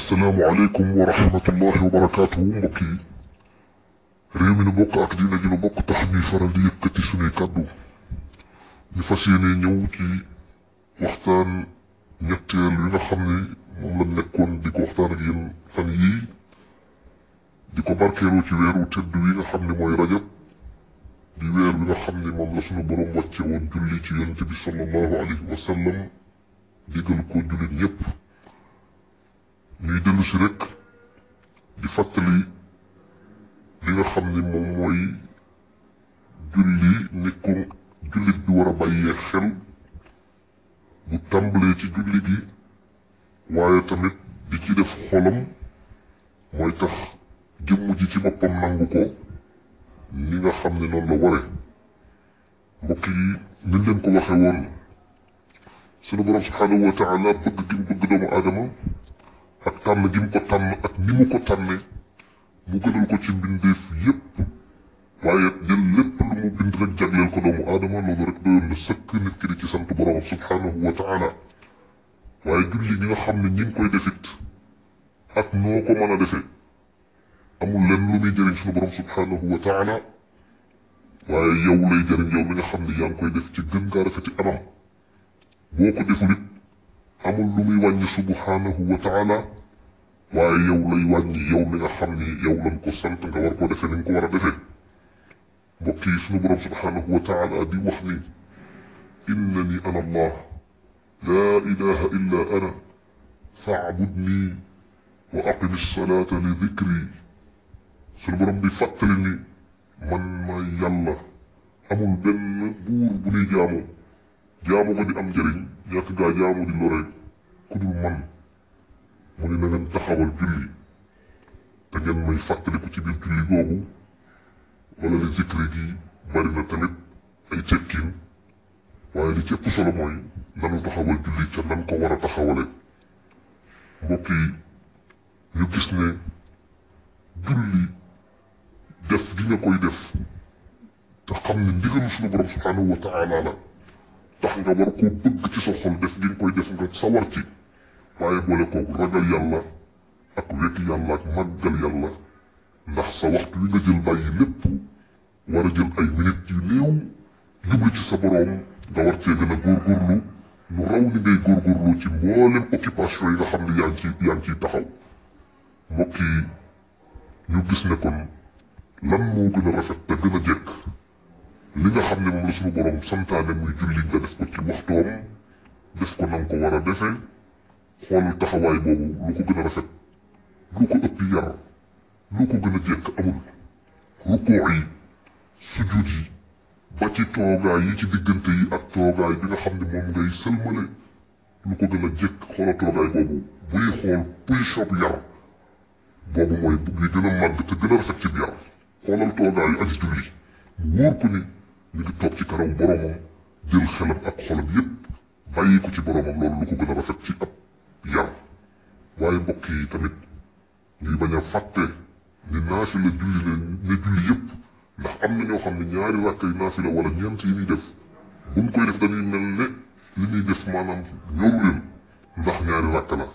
asalaamaaleykum wa rahmatullahi wa barakaatu mbokk yi nu bokk ak diina ji nu bokk tax ñuy faral di yëkkati suñuy kàddu ñu fas yéene ñëw ci waxtaan ñetteel waxtaan ak yéen fan xam ne mooy rajab di weer wi nga xam ne moom la suñu boroom wàcce woon julli ci bi sallallahu alayhi wa sallam digal ko jullit ñëpp ñuy dellu rek di fàttali li xam ni moom mooy julli ni ko jullit bi war a bàyyee xel bu tàmbalee ci julli gi waaye tamit di ci def xolam mooy tax jëmm ji ci boppam nangu ko ni nga xam ne noonu la ware mbokk yi niñ leen ko waxe woon sunu borom subhanahu wa taala bëgg gi mu bëgg doomu aadama ak tànn gi mu ko tànn ak ni mu ko tànnee mu gënal ko ci mbindeef yépp waaye jël lépp lu mu bind rek jagleel ko doomu aadama loolu rek doyoon na sëkk nit ki di ci sant borom subhaanahu wa taala waaye julli ñi nga xam ne ñi ngi koy defit ak noo ko mën a defee amul lenn lu muy jëriñ suñu borom subhaanahu wa taala waaye yow lay jëriñ yow mi nga xam ne yaa ngi koy def ci gën ngaa rafeti anam boo ko deful it amul lu muy wàññi subhanahu wa taala waaye yow lay wàññi yow mi nga xam ni yow lañ ko sant nga war koo defee ni nga ko war a defee mbokk yi suñu borom subhanahu wa taala di wax ni innani ana allah laa ilaha illa ana faabudni wa aqim alsalata li dikri suñu borom di fàttali ni man maay yàlla amul benn buur bu ñuy jaamoo jaamu ko di am njëriñ ñàkk gaa jaamu di lore ku dul man mu ne na taxawal julli te ngeen may fàttaliku ci biir julli googu wala li zikri gi bari na tamit ay cekkin waaye li ci ëpp solo mooy nanu taxawal julli ca nan ko war a taxawale mbokk ñu gis ne julli def gi nga koy def te xam ne ndigalu sunu borom subhanahu wa taala tax nga war koo bëgg def gi koy def nga sawar ci waaye boole kooku ragal yàlla ak wekki yàlla ak màggal yàlla sa waxtu wi nga jël war a ay minute yu néew jublu ci sa boroom nga war cee nu raw ni ngay góorgóorlu ci mboolem occupation yi xam ne yaa ngi ciy yaa ngi lan moo gën a rafet te li nga xam ne moom la suñu borom santaane muy julli nga def ko ci waxtoom def taxawaay boobu lu ko gën a amul rukkoo yi sujjuut ba ci toogaay yi ci diggante yi toogaay bi nga xam ne moom ngay sëlmale lu ko gën a toogaay boobu buy xool puy sob yar boobu mooy li gën a màgg te gën a rafet ci biir xoolal toogaay ak julli wóor ko ni mi ngi toog ci kanamu boromam jël xelam ak xolam yépp bàyyi ko boromam loolu lu gën a rafet ci ab yar waaye mbokk tamit ñuy bañ a fàtte ni naafi la julli la ne julli yépp ndax am na ñoo xam ne ñaari rakk yi naafi la wala yi ñuy def buñ koy def dañuy ndax ñaari rakk la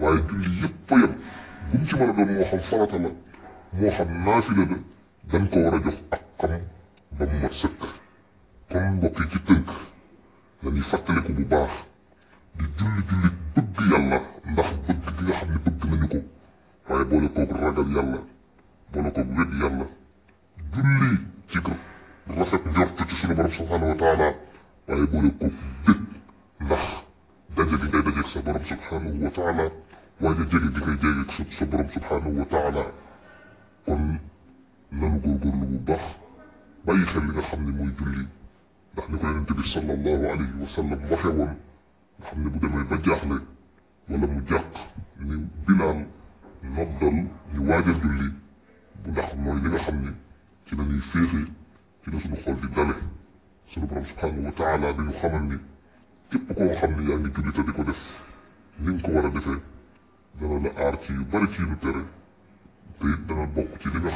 waaye julli yépp a yem buñ ci mën a doon moo xam farata la moo xam naafi la la dañ ak xam ba mu mat sëkk kon mbokk yi ci tënk nañuy fàttaliku bu baax di julli julli bëgg yàlla ndax bëgg gi nga xam ne bëgg nañu ko waaye boole koog ragal yàlla boole koog wedd yàlla julli ci rafet njort ci sunu borom subhanahu wa taala waaye boole koog bég ndax daje gi ngay dajeeg sa borom subhanahu wa taala waaye jege gi ngay jegeeg sa borom subhanahu wa taala kon nanu góorgóorlu bu baax bàyyi xel li nga xam ne mooy julli ndax ni ko yonente bi sallallahu alayhi wa sallam waxe woon nga wala mu jàq ni bilaal noddal ñu waajal julli bu ndax mooy li xam ci la ñuy ci la suñu xol di dale taala dañu xamal ni képp koo xam ne yaa ngi julli ko def ni ko war a defee dana la aar ci nu tere te it dana ci li nga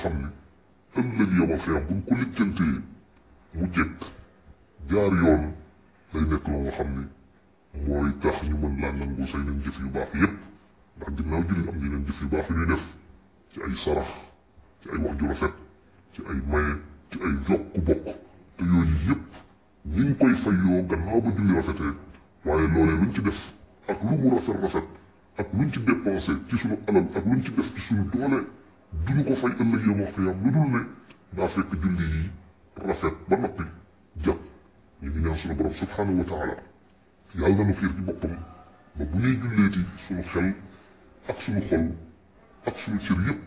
ëllëg yomal xiyam buñ ko lijjantee mu jekk jaar yoon day nekk loo nga xam ne mooy tax ñu mën laa nangu say nañ jëf yu baax yépp ndax ginnaaw jullit am yu baax yu ñuy def ci ay sarax ci ay wax ju rafet ay maye ci ay jokk bokk te yooyu yépp ñi ngi koy fayoo gannaaw ba julli rafetee waaye loolee luñ ci def ak lu mu rafet ak luñ ci dépensé ci sunu alal ak luñ ci def ci sunu doole duñu ko fay ëllëg yow wax lu dul ne daa fekk julli yi rafet ba noppi jàpp ñu ngi ñaan suñu borom subhanahu wa taala yàlla na nu xiir ci boppam ba bu ñuy julleeti suñu xel ak suñu xol ak suñu cër yëpp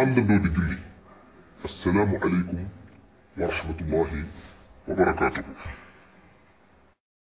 àndandoo di julli assalaamu aleykum wa rahmatullahi wa barakaatuhu